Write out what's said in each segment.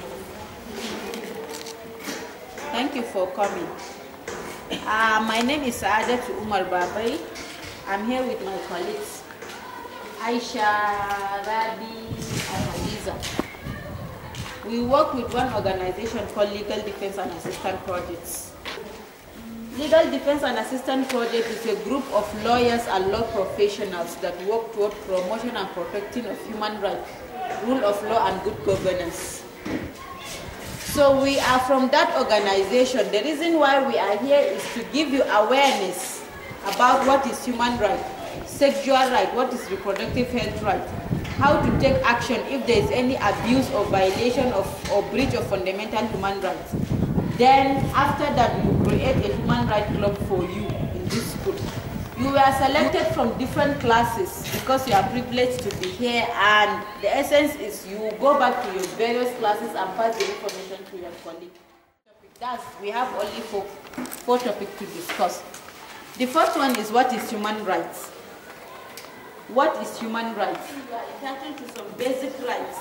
today. Thank you for coming. Uh, my name is Adetu Umar Babai. I'm here with my colleagues, Aisha, Rabi, and Aliza. We work with one organization called Legal Defense and Assistance Projects. Legal Defense and Assistance Project is a group of lawyers and law professionals that work toward promotion and protecting of human rights, rule of law and good governance. So we are from that organization. The reason why we are here is to give you awareness about what is human right, sexual right, what is reproductive health right, how to take action if there is any abuse or violation of or breach of fundamental human rights. Then after that, we create a human rights club for you you were selected from different classes because you are privileged to be here and the essence is you go back to your various classes and pass the information to your colleague. That's, we have only four, four topics to discuss. The first one is what is human rights? What is human rights? You are entitled to some basic rights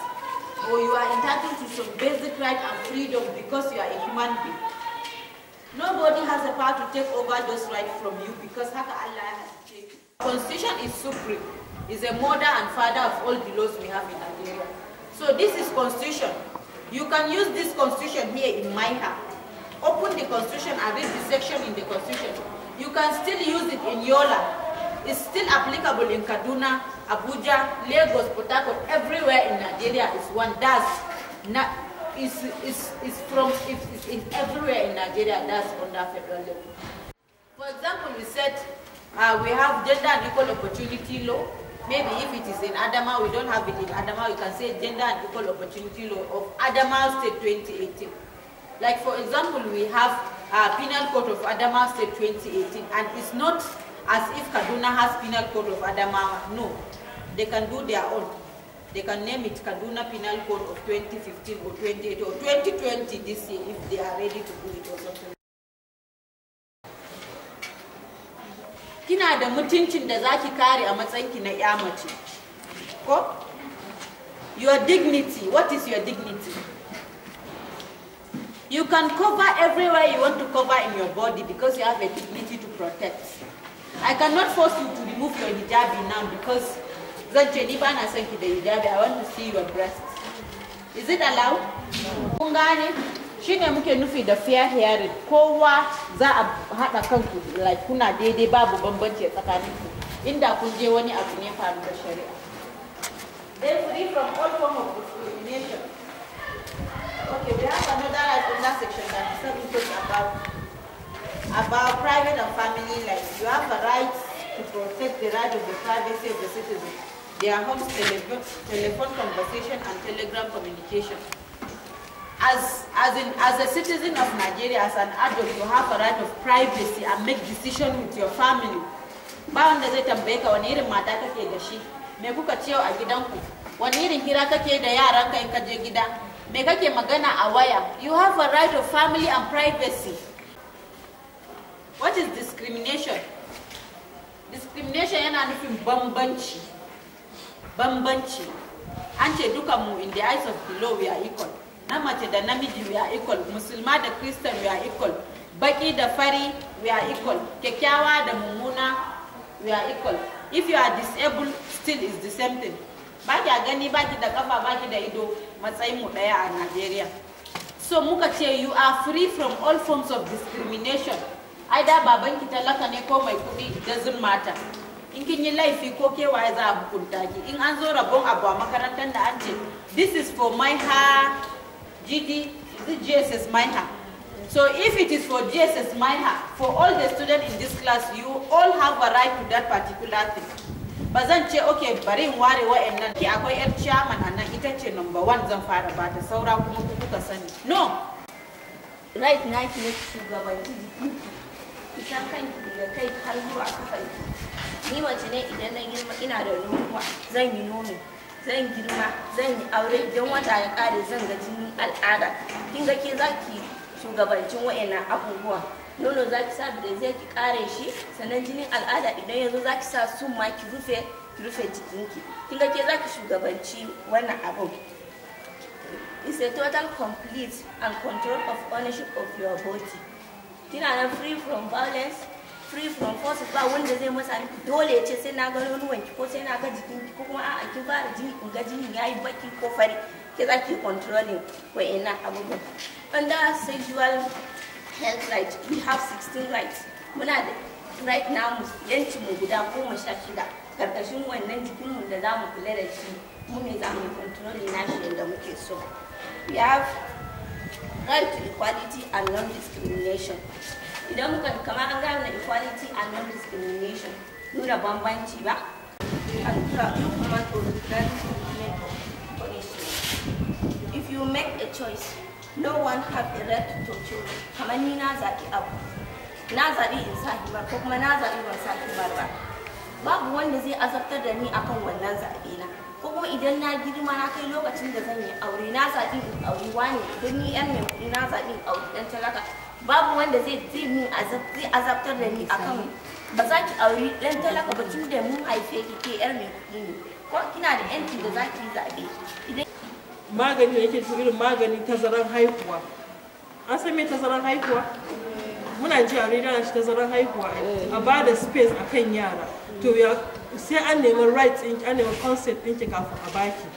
or you are entitled to some basic right and freedom because you are a human being has the power to take over those rights from you because haka Allah has taken. Constitution is supreme, is a mother and father of all the laws we have in Nigeria. So this is constitution. You can use this constitution here in my house. Open the constitution and read the section in the constitution. You can still use it in Yola. It's still applicable in Kaduna, Abuja, Lagos, Port Harcourt, everywhere in Nigeria. It's one. That's not is, is, is from is, in everywhere in Nigeria that's under federal level. For example, we said uh, we have gender and equal opportunity law. Maybe if it is in Adama, we don't have it in Adama, we can say gender and equal opportunity law of Adama State 2018. Like for example, we have uh, Penal Code of Adama State 2018 and it's not as if Kaduna has Penal Code of Adama, no. They can do their own. They can name it Kaduna Penal Code of 2015 or 2018 or 2020 this year if they are ready to do it or something. Kina da mutuncin da zaki kare a matsayinki na ya mace. Ko? Your dignity, what is your dignity? You can cover everywhere you want to cover in your body because you have a dignity to protect. I cannot force you to remove your hijabi now because zan ce ni ba na son ki da hijabi a wannan to see your breast is it allowed kun gane shine muke nufi da fair hearing kowa za a haɗa kanku like kuna daidai babu bambanci a tsakaninku inda kun je wani abu ne faru da shari'a They free from all form of discrimination okay we have another like under section is talking about about private and family life you have a right to protect the right of the privacy of the citizens. their homes, telephone, telephone conversation, and telegram communication. As, as, in, as a citizen of Nigeria, as an adult, you have a right of privacy and make decisions with your family. Ba wanda zai tambaye ka wani irin mata kake da shi, me kuka cewa a gidanku, wani irin hira kake da yaranka in kaje gida, me kake magana a waya. You have a right of family and privacy. What is discrimination? Discrimination yana nufin bambanci. bambanci an ce dukanmu in the eyes of the law we are equal na mace da namiji we are equal musulma da christian we are equal baki da fari we are equal kyakkyawa da mummuna we are equal if you are disabled still is the same thing baki a gani baki da kafa baki da ido matsayin mu daya a Nigeria so muka ce you are free from all forms of discrimination aida babanki talaka ne ko mai kuɗi doesn't matter in kin yi laifi za hukunta ki in an zo rabon abu a makarantar da an ce this is for maiha gd this jss maiha so if it is for jss maiha for all the students in this class you all have a right to that particular thing ba zan ce ok bari in ware wa'annan ki akwai yar chairman a nan ita ce number one zan fara ba ta saura kuma ku kuka sani no right na next. kanki da kai har zuwa ni mace ne idan na girma ina da ruwa zan yi nomi zan girma zan yi aure idan wata ya kare zan ga jinin al'ada kin ga ke zaki shugabancin wayannan abubuwa nono zaki sa da zai ki kare shi sannan jinin al'ada idan yazo zaki sa sun ma ki rufe rufe jikinki kin ga ke zaki shugabanci wannan abun is a total complete and control of ownership of your body tina na free from violence free from forces ba wanda zai masa dole ya ce sai na ga wanki ko sai na ga jikinki ko kuma a'a kin fara jini in ga jini yayi baki ko fari ke za ki controlling wa'annan abubuwan under sexual health rights we have 16 rights muna da right now yanci mu guda goma sha shida karkashin wannan mu da zamu kula da shi mu ne za mu controlling nashi yadda muke so we have right to equality and non-discrimination idan muka kama an gano na equality and non discrimination nuna bambanci ba if you make a choice no one have a right to choose kamar ni na zaɓi abu na zaɓi in sa himar ko kuma na zaɓi ban sa himar ba babu wanda zai azabtar da ni akan wannan zaɓe na ko kuma idan na girma na kai lokacin da zan yi aure na zaɓi in aure wani don ni yan mai na zaɓi in aure ɗan talaka babu wanda zai zai min azabtar da ni a akan ba za ki auri dan talaka ba tun da mun haife ki ke yar mai kuɗi ne ko kina da yanci da za ki zaɓe magani da yake cikin irin magani tazaran haihuwa an san me tazaran haihuwa muna ji a rediyo shi tazaran haihuwa a ba da space kan yara to sai an nemi rights an nemi consent ɗinki kafin a baki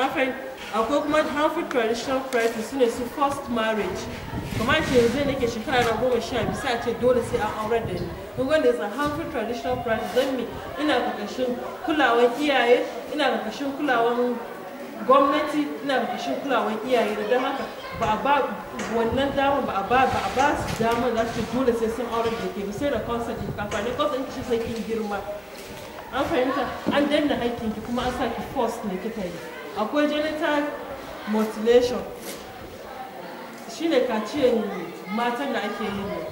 an fahimta akwai kuma harfi traditional practice su ne su first marriage kamar ce yanzu nake shekara na goma sha biyu sai a ce dole sai an aure da ni kun wanda ya harfi traditional practice don me ina kakashin kulawan iyaye ina kakashin kulawan gwamnati ina kakashin kulawan iyaye da don haka ba a ba wannan damar ba a ba ba a ba su damar za su dole sai sun aure da ke sai da concert kafa ne concert ce sai kin girma an fahimta an danna haƙƙinki kuma an sa ki force ne kika yi akwai genital mutilation ka ce mata da ake yi ne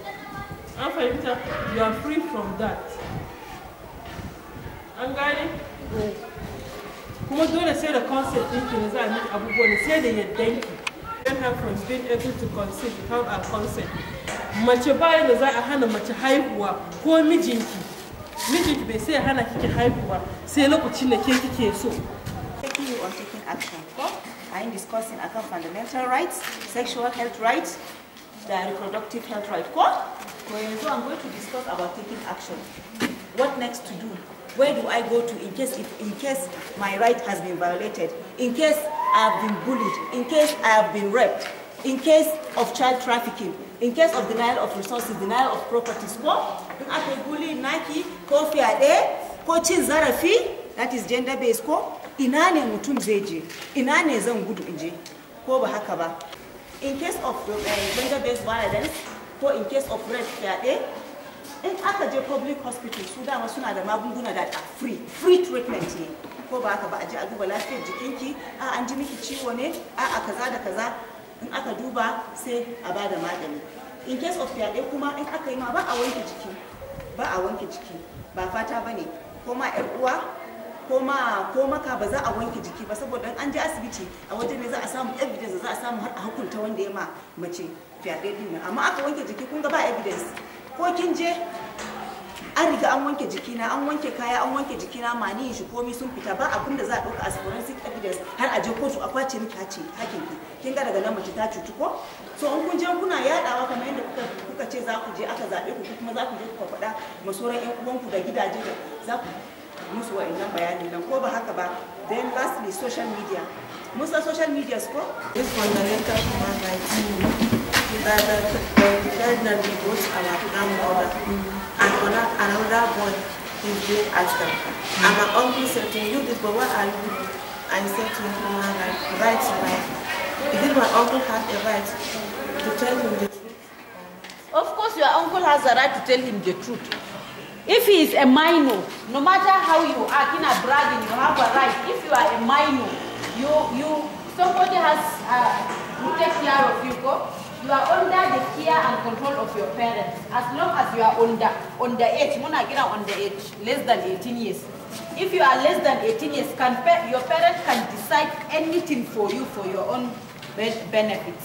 an fahimta you are free from that an gane kuma dole sai da concept ɗinki ne za a miki abubuwan sai da yaddanki don't have from being able to conceive without a consent mace bayan da za a hana mace haihuwa ko mijinki mijinki bai sai hana kike haihuwa sai lokacin da ke kike so Action court. I am discussing account fundamental rights, sexual health rights, the reproductive health right So I'm going to discuss about taking action. What next to do? Where do I go to in case if, in case my right has been violated, in case I've been bullied, in case I have been raped, in case of child trafficking, in case of denial of resources, denial of property score, in bullying, Nike, coffee a day, coaching Zarafi, that is gender-based score, ina ne mutum zai je ina ne zan gudu in je ko ba haka ba in case of eh, gender based violence ko in case of rape fyaɗe in aka je public hospital su dama suna da magunguna da free free treatment ne ko ba haka ba a je a duba lafiyar jikinki a an ji miki ciwo ne a a kaza da kaza in aka duba sai a bada magani in case of fyaɗe kuma in aka yi ma ba a wanke jiki ba a wanke jiki ba fata ne. ko ma 'yar uwa ko ma ko maka ba za a wanke jiki ba saboda an je asibiti a waje ne za a samu evidence za a samu har a hukunta wanda ya ma mace fyaɗe din nan amma aka wanke jiki kun ga ba evidence ko kin je an riga an wanke jiki na an wanke kaya an wanke jiki na mani shi komai sun fita ba abin da za a ɗauka as forensic evidence har a je kotu a kwace miki hace hakin ki kin ga daga nan mace ta cutu ko so in kun je kuna yadawa kamar yadda kuka kuka ce za ku je aka zabe ku kuma za ku je ku faɗa masoran yan uwanku da gidaje da za ku musu wa'annan bayanin nan ko ba haka ba then lastly social media musa social media ko this fundamental human rights that that that we both our order. and another another boy is being asked them and my uncle said to you this but what are you I said to him human rights right to did my uncle have a right to tell him the truth of course your uncle has a right to tell him the truth if he is a minor, no matter how you are, in a bragging, you have a right. If you are a minor, you you somebody has uh, take care of you. Go. You are under the care and control of your parents. As long as you are under under age, muna kira under age, less than 18 years. If you are less than 18 years, can your parents can decide anything for you for your own benefits.